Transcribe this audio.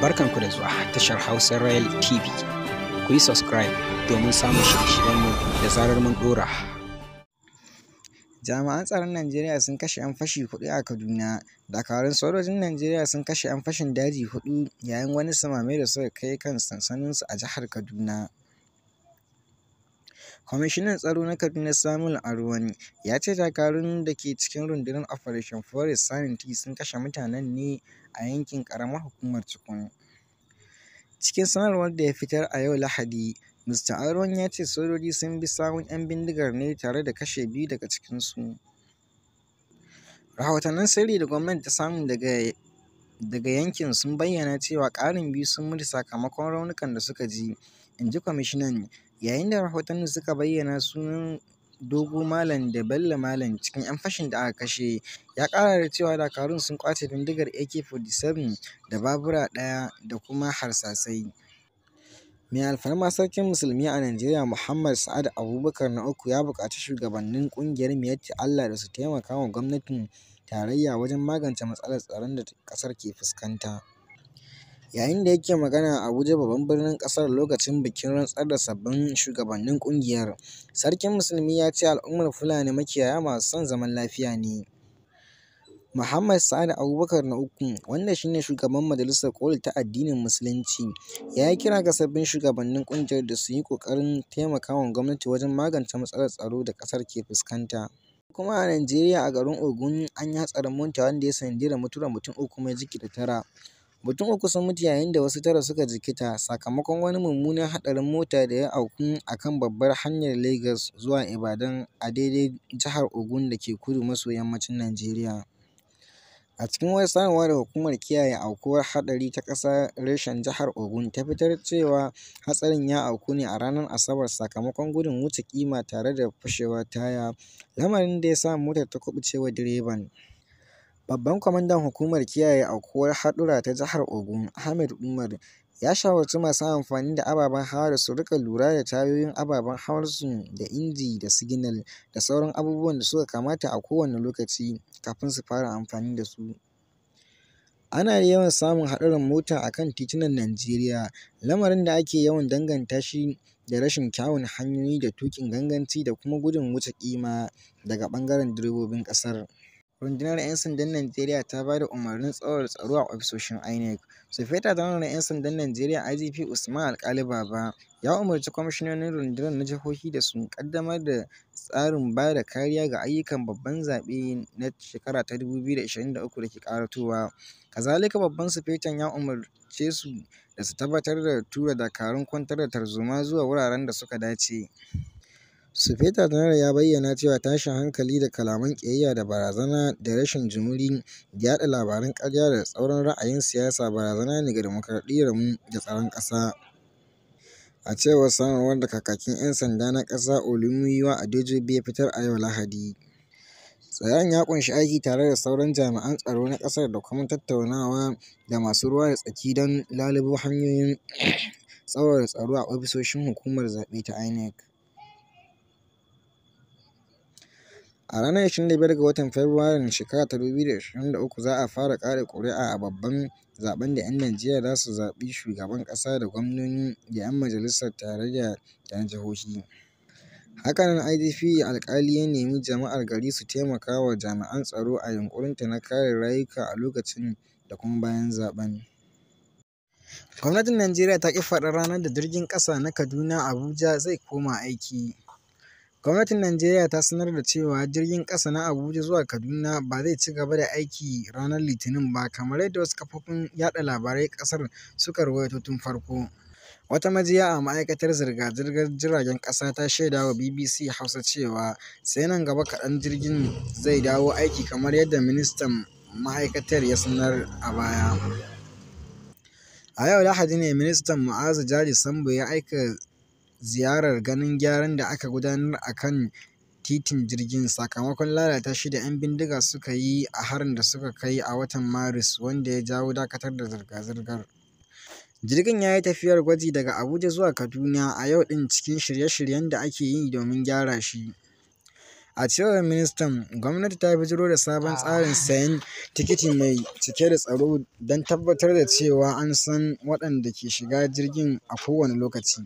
barkanku da zuwa tashar Hausa Royal TV. Ku yi subscribe domin samun shirye-shiryenmu da zarar mun dora Jami'an tsaron Najeriya sun kashe 'yan fashi huɗu a Kaduna. Dakarun sojojin Najeriya sun kashe 'yan fashin daji huɗu yayin wani samame da suka kai kan sansaninsu a jihar Kaduna. Kwamishinan Tsaro na Kaduna Samuel Aroni ya ce dakarun da ke cikin Rundunar Operation Forest Sanity sun kashe mutanen ne a yankin ƙaramar hukumar Tukun. Cikin sanarwar da ya fitar a yau Lahadi, Mr. Arwan ya ce sojoji sun bi sawun 'yan bindigar ne tare da kashe biyu daga cikinsu. Rahotannin sirri da gwamnati ta samu daga yankin sun bayyana cewa ƙarin biyu sun mutu sakamakon raunukan da suka ji, in ji kwamishinan. Yayin da rahotannin suka bayyana sunan Dogo Malam da Bello Malam cikin 'yan fashin da aka kashe, ya kara da cewa dakarun sun kwace bindigar AK-47 da babura daya da kuma harsasai. Mai alfarma sarkin musulmi a Najeriya Muhammad Sa'ad Abubakar na uku ya bukaci shugabannin ƙungiyar Miyetti Allah da su taimaka wa gwamnatin tarayya wajen magance matsalar tsaron da ƙasar ke fuskanta. Yayin da yake magana a Abuja, babban birnin ƙasar, lokacin bikin rantsar da sabbin shugabannin ƙungiyar, sarkin musulmi ya ce al'ummar Fulani makiyaya masu son zaman lafiya ne. Muhammad Sa'ad Abubakar na uku, wanda shine shugaban Majalisar Ƙoli ta Addinin Musulunci, ya yi kira ga sabbin shugabannin ƙungiyar da su yi kokarin taimakawa gwamnati wajen magance matsalar tsaro da kasar ke fuskanta. Kuma a Najeriya, a garin Ogun, an yi hatsarin mota wanda ya da mutuwar mutum uku mai jiki da tara. Mutum uku sun mutu yayin da wasu tara suka jikkita sakamakon wani mummunan haɗarin mota da ya auku a kan babbar hanyar Legas zuwa Ibadan a daidai jihar Ogun da ke kudu maso yammacin Najeriya. A cikin wata sanarwa da Hukumar Kiyaye Aukuwar Haɗari ta Ƙasa Reshen Jihar Ogun ta fitar cewa hatsarin ya auku ne a ranar Asabar sakamakon gudun wuce kima tare da fashewar taya, lamarin da ya sa motar ta wa direban. Babban Kwamandan Hukumar Kiyaye Aukuwar Haɗura ta Jihar Ogun, Ahmed Umar, ya shawarci masu amfani da ababen hawa da su rika lura da tayoyin ababen su da inji da siginal da sauran abubuwan da suka kamata a kowane lokaci kafin su fara amfani da su. Ana yawan samun haɗarin mota a kan titunan Najeriya, lamarin da ake yawan danganta shi da rashin kyawun hanyoyi da tuƙin ganganci da kuma gudun wuce ƙima daga ɓangaren direbobin ƙasar. Rundunar 'Yan Sandan Najeriya ta ba da umarnin tsawon tsaro a ofisoshin INEC. Sufeta Janar na 'Yan Sandan Najeriya IGP Usman alkali Baba ya umarci kwamishinonin rundunar na jihohi da su kaddamar da tsarin ba da kariya ga ayyukan babban zaɓe na shekara ta 2023 da ke ƙaratowa. Kazalika babban sufetan ya umarce su da su tabbatar da tura dakarun kwantar da tarzoma zuwa wuraren da suka dace. sufeta Janar ya bayyana cewa tashin hankali da kalaman ƙiyayya da barazana da rashin jimiri da yaɗa labaran ƙarya da tsauran ra'ayin siyasa barazana ne ga dimokuraɗiyyarmu da tsaron ƙasa. A cewar sanarwar da kakakin 'yan sanda na ƙasa Olumuyiwa Adejobi ya fitar a yau Lahadi. Tsayan ya ƙunshi aiki tare da sauran jami'an tsaro na ƙasar da kuma tattaunawa da masu ruwa da tsaki don lalubo hanyoyin tsawwala tsaro a ofisoshin hukumar zaɓe ta INEC. A ranar 25 ga watan Fabrairun shekara ta 2023 za a fara kaɗa ƙuri'a a babban zaɓen da ‘yan Najeriya za su zaɓi shugaban ƙasa da gwamnoni da ‘yan majalisar tarayya da na jihohi. Haka nan, IGP Alkali ya nemi jama'ar gari su taimaka wa jami'an tsaro a yunƙurinta na kare rayuka a lokacin da kuma bayan zaɓen. Gwamnatin Najeriya ta ƙi faɗar ranar da jirgin ƙasa na Kaduna – Abuja zai koma aiki. Gwamnatin Najeriya ta sanar da cewa jirgin ƙasa na Abuja zuwa Kaduna ba zai ci gaba da aiki ranar Litinin ba kamar yadda wasu kafofin yaɗa labarai ƙasar suka ruwaito tun farko. Wata majiya a Ma'aikatar Zirga-zirgar Jiragen Ƙasa ta shaida wa BBC Hausa cewa sai nan gaba kaɗan jirgin zai dawo aiki kamar yadda ministan ma'aikatar ya sanar a baya. A yau Lahadi ne Ministan Ma'azu Jari Sambo ya aika ziyarar ganin gyaran da aka gudanar a kan titin jirgin sakamakon lalata shi da 'yan bindiga suka yi a harin da suka kai a watan Maris wanda ya jawo dakatar da zirga-zirgar. Jirgin ya yi tafiyar gwaji daga Abuja zuwa Kaduna a yau ɗin cikin shirye-shiryen da ake yi domin gyara shi. A cewar ministan, gwamnati ta bijiro da sabon tsarin sayan tikiti mai cike da tsaro don tabbatar da cewa an san waɗanda ke shiga jirgin a kowane lokaci.